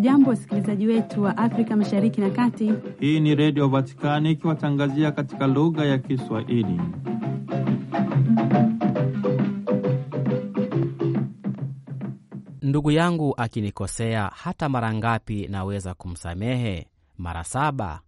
Hamjambo, wasikilizaji wetu wa Afrika Mashariki na Kati. Hii ni Redio Vatikani ikiwatangazia katika lugha ya Kiswahili. Ndugu yangu akinikosea hata mara ngapi naweza kumsamehe? Mara saba?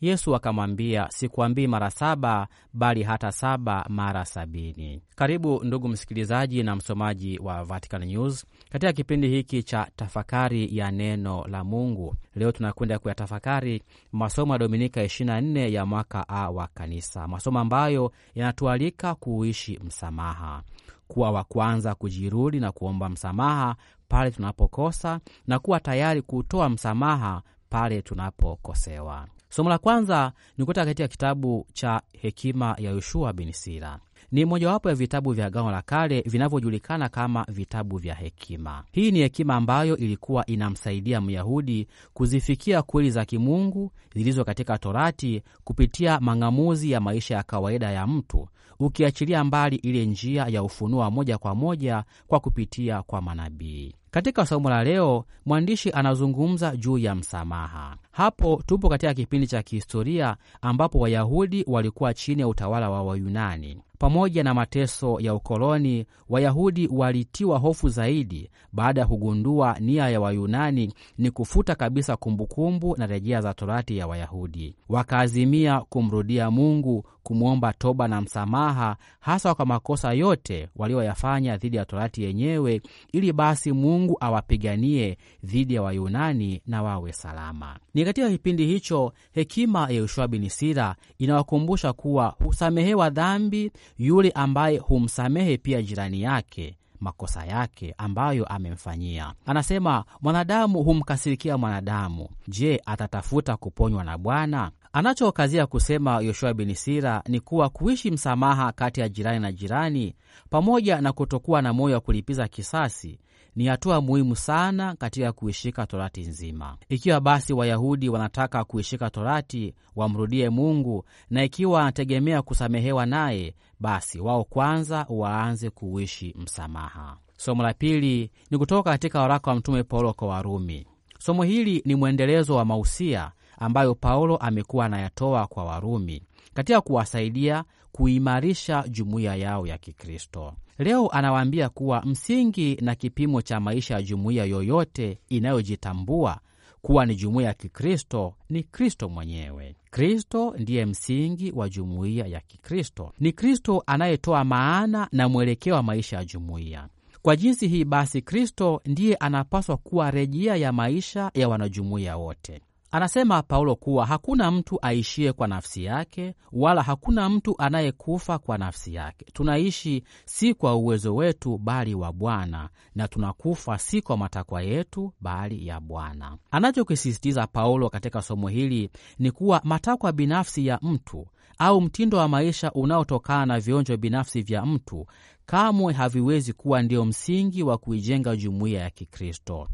Yesu akamwambia, sikuambii mara saba, bali hata saba mara sabini. Karibu ndugu msikilizaji na msomaji wa Vatican News katika kipindi hiki cha tafakari ya neno la Mungu. Leo tunakwenda kuyatafakari masomo ya Dominika 24 ya mwaka A wa Kanisa, masomo ambayo yanatualika kuishi msamaha, kuwa wa kwanza kujirudi na kuomba msamaha pale tunapokosa na kuwa tayari kutoa msamaha pale tunapokosewa. Somo la kwanza ni kutoka katika kitabu cha Hekima ya Yoshua bin Sira. Ni mojawapo ya vitabu vya Agano la Kale vinavyojulikana kama vitabu vya hekima. Hii ni hekima ambayo ilikuwa inamsaidia Myahudi kuzifikia kweli za kimungu zilizo katika Torati kupitia mang'amuzi ya maisha ya kawaida ya mtu, ukiachilia mbali ile njia ya ufunuo wa moja kwa moja kwa kupitia kwa manabii. Katika somo la leo mwandishi anazungumza juu ya msamaha. Hapo tupo katika kipindi cha kihistoria ambapo Wayahudi walikuwa chini ya utawala wa Wayunani. Pamoja na mateso ya ukoloni, Wayahudi walitiwa hofu zaidi baada ya kugundua nia ya Wayunani ni kufuta kabisa kumbukumbu na rejea za Torati ya Wayahudi. Wakaazimia kumrudia Mungu, kumwomba toba na msamaha, hasa kwa makosa yote walioyafanya dhidi ya Torati yenyewe, ili basi Mungu awapiganie dhidi ya Wayunani na wawe salama. Ni katika kipindi hicho, hekima ya Yoshua bin Sira inawakumbusha kuwa husamehewa dhambi yule ambaye humsamehe pia jirani yake makosa yake ambayo amemfanyia. Anasema mwanadamu humkasirikia mwanadamu, je, atatafuta kuponywa na Bwana? Anachokazia kusema Yoshua bin Sira ni kuwa kuishi msamaha kati ya jirani na jirani, pamoja na kutokuwa na moyo wa kulipiza kisasi, ni hatua muhimu sana katika kuishika torati nzima. Ikiwa basi Wayahudi wanataka kuishika torati, wamrudie Mungu, na ikiwa wanategemea kusamehewa naye, basi wao kwanza waanze kuishi msamaha. Somo la pili ni kutoka katika waraka wa Mtume Paulo kwa Warumi. Somo hili ni mwendelezo wa mausia ambayo Paulo amekuwa anayatoa kwa Warumi katika kuwasaidia kuimarisha jumuiya yao ya Kikristo. Leo anawaambia kuwa msingi na kipimo cha maisha ya jumuiya yoyote inayojitambua kuwa ni jumuiya ya Kikristo ni Kristo mwenyewe. Kristo ndiye msingi wa jumuiya ya Kikristo. Ni Kristo anayetoa maana na mwelekeo wa maisha ya jumuiya. Kwa jinsi hii basi, Kristo ndiye anapaswa kuwa rejea ya maisha ya wanajumuiya wote. Anasema Paulo kuwa hakuna mtu aishiye kwa nafsi yake, wala hakuna mtu anayekufa kwa nafsi yake. Tunaishi si kwa uwezo wetu, bali wa Bwana, na tunakufa si kwa matakwa yetu, bali ya Bwana. Anachokisisitiza Paulo katika somo hili ni kuwa matakwa binafsi ya mtu au mtindo wa maisha unaotokana na vionjo binafsi vya mtu kamwe haviwezi kuwa ndio msingi wa kuijenga jumuiya ya Kikristo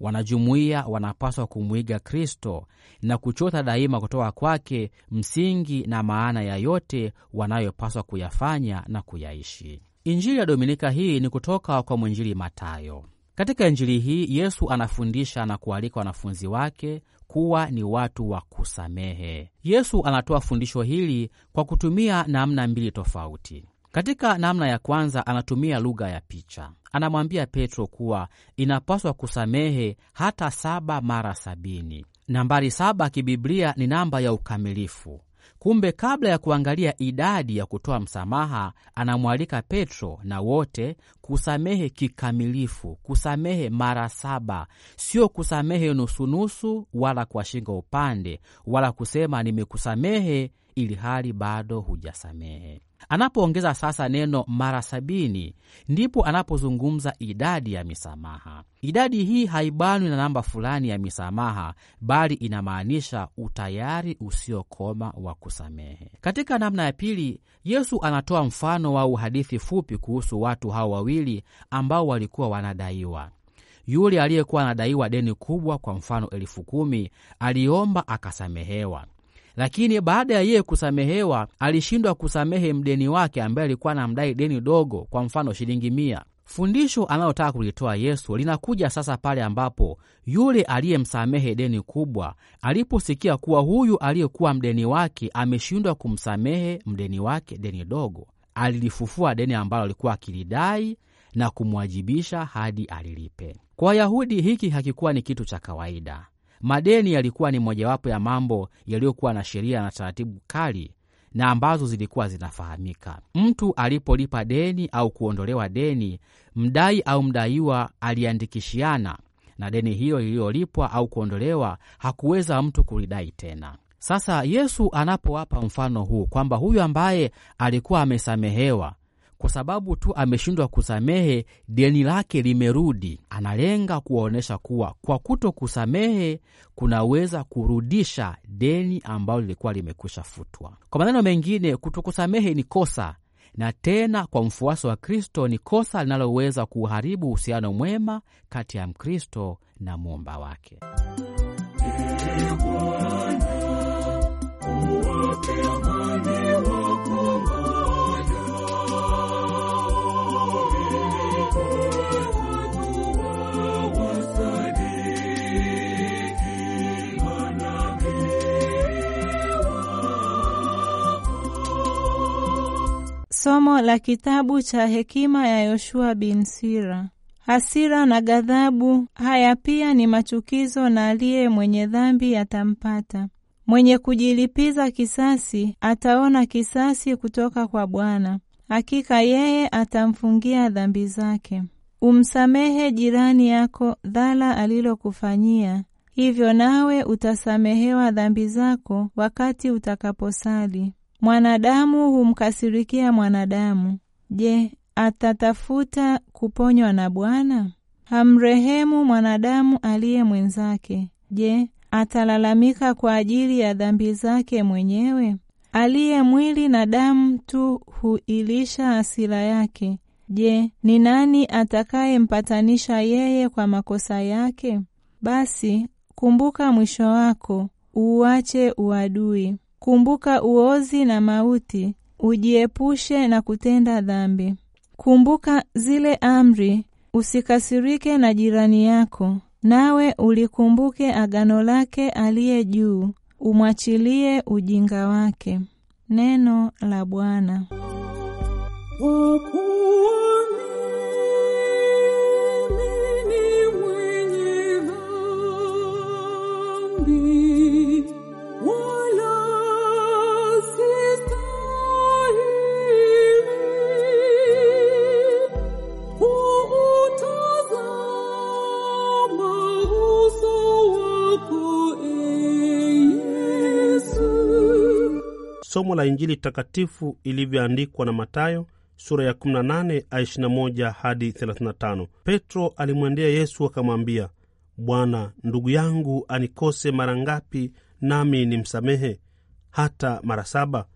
wanajumuiya wanapaswa kumwiga Kristo na kuchota daima kutoka kwake msingi na maana ya yote wanayopaswa kuyafanya na kuyaishi. Injili ya Dominika hii ni kutoka kwa mwinjili Matayo. Katika injili hii Yesu anafundisha na kualika wanafunzi wake kuwa ni watu wa kusamehe. Yesu anatoa fundisho hili kwa kutumia namna mbili tofauti. Katika namna ya kwanza anatumia lugha ya picha. Anamwambia Petro kuwa inapaswa kusamehe hata saba mara sabini. Nambari saba kibiblia ni namba ya ukamilifu. Kumbe kabla ya kuangalia idadi ya kutoa msamaha, anamwalika Petro na wote kusamehe kikamilifu, kusamehe mara saba, sio kusamehe nusunusu, wala kwa shingo upande, wala kusema nimekusamehe ili hali bado hujasamehe. Anapoongeza sasa neno mara sabini, ndipo anapozungumza idadi ya misamaha. Idadi hii haibanwi na namba fulani ya misamaha, bali inamaanisha utayari usiokoma wa kusamehe. Katika namna ya pili, Yesu anatoa mfano wa uhadithi fupi kuhusu watu hao wawili ambao walikuwa wanadaiwa. Yule aliyekuwa anadaiwa deni kubwa, kwa mfano elfu kumi, aliomba akasamehewa lakini baada ya yeye kusamehewa alishindwa kusamehe mdeni wake ambaye alikuwa anamdai deni dogo, kwa mfano shilingi mia. Fundisho analotaka kulitoa Yesu linakuja sasa pale ambapo yule aliyemsamehe deni kubwa aliposikia kuwa huyu aliyekuwa mdeni wake ameshindwa kumsamehe mdeni wake deni dogo, alilifufua deni ambalo alikuwa akilidai na kumwajibisha hadi alilipe. Kwa Wayahudi hiki hakikuwa ni kitu cha kawaida. Madeni yalikuwa ni mojawapo ya mambo yaliyokuwa na sheria na taratibu kali na ambazo zilikuwa zinafahamika. Mtu alipolipa deni au kuondolewa deni, mdai au mdaiwa aliandikishiana na deni hilo lililolipwa au kuondolewa, hakuweza mtu kulidai tena. Sasa Yesu anapowapa mfano huu kwamba huyu ambaye alikuwa amesamehewa kwa sababu tu ameshindwa kusamehe, deni lake limerudi. Analenga kuwaonyesha kuwa kwa kuto kusamehe kunaweza kurudisha deni ambalo lilikuwa limekwisha futwa. Kwa maneno mengine, kutokusamehe ni kosa, na tena kwa mfuasi wa Kristo ni kosa linaloweza kuharibu uhusiano mwema kati ya Mkristo na muumba wake. Somo la kitabu cha hekima ya Yoshua bin Sira. Hasira na ghadhabu, haya pia ni machukizo, na aliye mwenye dhambi atampata. Mwenye kujilipiza kisasi ataona kisasi kutoka kwa Bwana, hakika yeye atamfungia dhambi zake. Umsamehe jirani yako dhala alilokufanyia, hivyo nawe utasamehewa dhambi zako wakati utakaposali. Mwanadamu humkasirikia mwanadamu. Je, atatafuta kuponywa na Bwana? Hamrehemu mwanadamu aliye mwenzake. Je, atalalamika kwa ajili ya dhambi zake mwenyewe? Aliye mwili na damu tu huilisha hasira yake. Je, ni nani atakayempatanisha yeye kwa makosa yake? Basi kumbuka mwisho wako, uuache uadui. Kumbuka uozi na mauti, ujiepushe na kutenda dhambi. Kumbuka zile amri, usikasirike na jirani yako, nawe ulikumbuke agano lake aliye juu, umwachilie ujinga wake. Neno la Bwana. somo la Injili takatifu ilivyoandikwa na Matayo sura ya 18:21 hadi 35. Petro alimwendea Yesu akamwambia, Bwana, ndugu yangu anikose mara ngapi nami nimsamehe? Hata mara saba?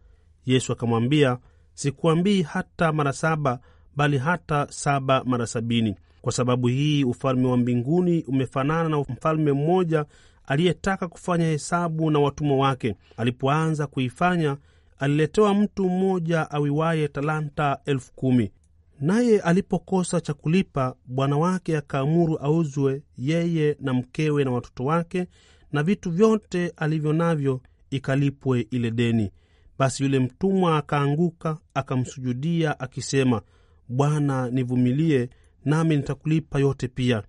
Yesu akamwambia, sikuambii hata mara saba, bali hata saba mara sabini. Kwa sababu hii ufalme wa mbinguni umefanana na mfalme mmoja aliyetaka kufanya hesabu na watumwa wake. Alipoanza kuifanya aliletewa mtu mmoja awiwaye talanta elfu kumi. Naye alipokosa cha kulipa, bwana wake akaamuru auzwe yeye na mkewe na watoto wake na vitu vyote alivyo navyo, ikalipwe ile deni. Basi yule mtumwa akaanguka akamsujudia akisema, Bwana nivumilie, nami nitakulipa yote pia.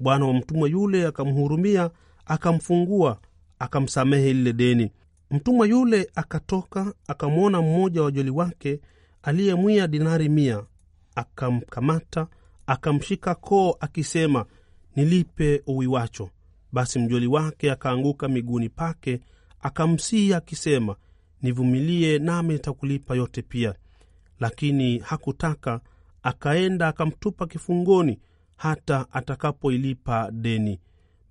Bwana wa mtumwa yule akamhurumia, akamfungua, akamsamehe lile deni. Mtumwa yule akatoka akamwona mmoja wa joli wake aliyemwia dinari mia, akamkamata akamshika koo akisema, nilipe uwiwacho. Basi mjoli wake akaanguka miguuni pake akamsihi akisema, nivumilie nami nitakulipa yote pia. Lakini hakutaka, akaenda akamtupa kifungoni hata atakapoilipa deni.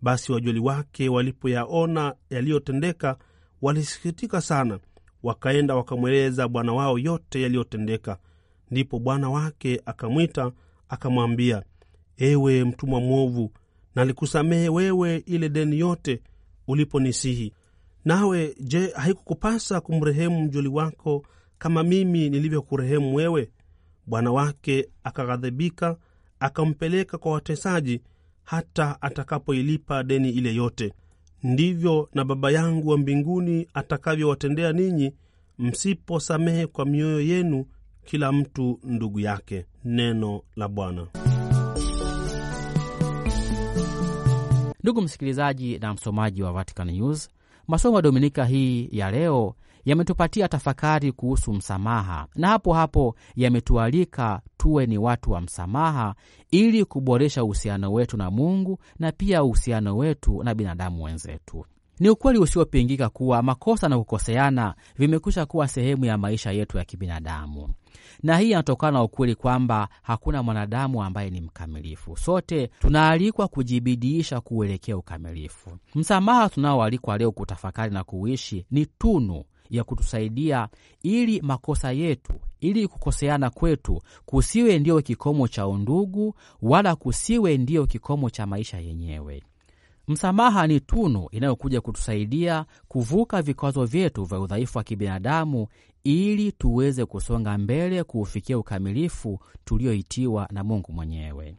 Basi wajoli wake walipoyaona yaliyotendeka walisikitika sana, wakaenda wakamweleza bwana wao yote yaliyotendeka. Ndipo bwana wake akamwita akamwambia, ewe mtumwa mwovu, nalikusamehe wewe ile deni yote uliponisihi. Nawe je, haikukupasa kumrehemu mjoli wako kama mimi nilivyokurehemu wewe? Bwana wake akaghadhibika, akampeleka kwa watesaji hata atakapoilipa deni ile yote ndivyo na Baba yangu wa mbinguni atakavyowatendea ninyi msiposamehe kwa mioyo yenu kila mtu ndugu yake. Neno la Bwana. Ndugu msikilizaji na msomaji wa Vatican News, masomo ya dominika hii ya leo yametupatia tafakari kuhusu msamaha, na hapo hapo yametualika tuwe ni watu wa msamaha ili kuboresha uhusiano wetu na Mungu na pia uhusiano wetu na binadamu wenzetu. Ni ukweli usiopingika kuwa makosa na kukoseana vimekwisha kuwa sehemu ya maisha yetu ya kibinadamu, na hii inatokana na ukweli kwamba hakuna mwanadamu ambaye ni mkamilifu. Sote tunaalikwa kujibidiisha kuelekea ukamilifu. Msamaha tunaoalikwa leo kutafakari na kuishi ni tunu ya kutusaidia ili makosa yetu, ili kukoseana kwetu kusiwe ndiyo kikomo cha undugu, wala kusiwe ndiyo kikomo cha maisha yenyewe. Msamaha ni tunu inayokuja kutusaidia kuvuka vikwazo vyetu vya udhaifu wa kibinadamu ili tuweze kusonga mbele kuufikia ukamilifu tulioitiwa na Mungu mwenyewe.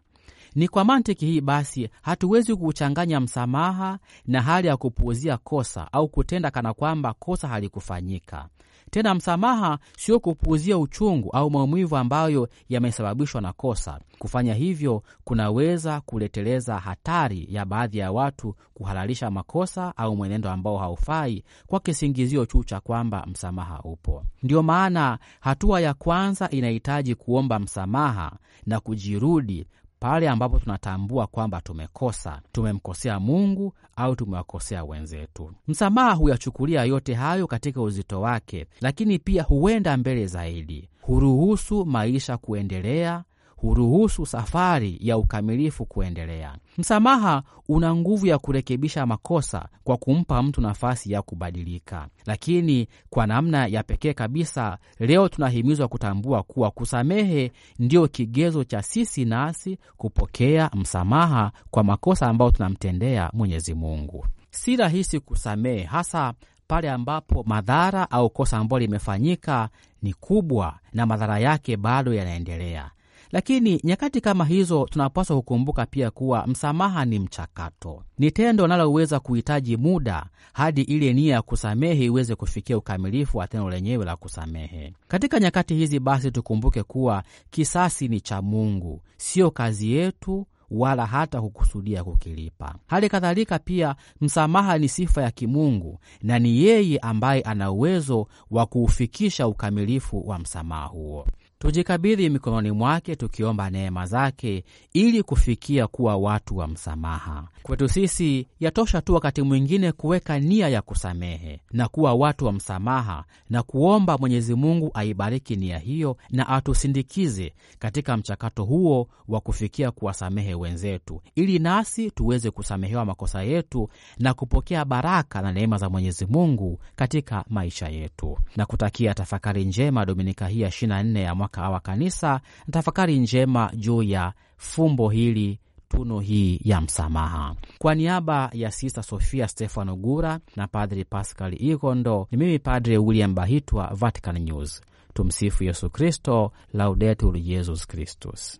Ni kwa mantiki hii basi, hatuwezi kuuchanganya msamaha na hali ya kupuuzia kosa au kutenda kana kwamba kosa halikufanyika. Tena msamaha sio kupuuzia uchungu au maumivu ambayo yamesababishwa na kosa. Kufanya hivyo kunaweza kuleteleza hatari ya baadhi ya watu kuhalalisha makosa au mwenendo ambao haufai kwa kisingizio tu cha kwamba msamaha upo. Ndiyo maana hatua ya kwanza inahitaji kuomba msamaha na kujirudi pale ambapo tunatambua kwamba tumekosa, tumemkosea Mungu au tumewakosea wenzetu. Msamaha huyachukulia yote hayo katika uzito wake, lakini pia huenda mbele zaidi, huruhusu maisha kuendelea huruhusu safari ya ukamilifu kuendelea. Msamaha una nguvu ya kurekebisha makosa kwa kumpa mtu nafasi ya kubadilika. Lakini kwa namna ya pekee kabisa, leo tunahimizwa kutambua kuwa kusamehe ndiyo kigezo cha sisi nasi kupokea msamaha kwa makosa ambayo tunamtendea Mwenyezi Mungu. Si rahisi kusamehe, hasa pale ambapo madhara au kosa ambalo limefanyika ni kubwa na madhara yake bado yanaendelea. Lakini nyakati kama hizo tunapaswa kukumbuka pia kuwa msamaha ni mchakato, ni tendo linaloweza kuhitaji muda hadi ile nia ya kusamehe iweze kufikia ukamilifu wa tendo lenyewe la kusamehe. Katika nyakati hizi basi, tukumbuke kuwa kisasi ni cha Mungu, siyo kazi yetu wala hata kukusudia kukilipa. Hali kadhalika pia msamaha ni sifa ya kimungu na ni yeye ambaye ana uwezo wa kuufikisha ukamilifu wa msamaha huo tujikabidhi mikononi mwake tukiomba neema zake ili kufikia kuwa watu wa msamaha. Kwetu sisi yatosha tu wakati mwingine kuweka nia ya kusamehe na kuwa watu wa msamaha na kuomba Mwenyezi Mungu aibariki nia hiyo na atusindikize katika mchakato huo wa kufikia kuwasamehe wenzetu, ili nasi tuweze kusamehewa makosa yetu na kupokea baraka na neema za Mwenyezi Mungu katika maisha yetu. Na kutakia tafakari njema dominika hii ya 24 ya mwaka wa kanisa na tafakari njema juu ya fumbo hili tuno hii ya msamaha. Kwa niaba ya Sista Sofia Stefano Gura na Padri Pascal Igondo, ni mimi Padri William Bahitwa, Vatican News. Tumsifu Yesu Kristo, Laudetur Yesus Kristus.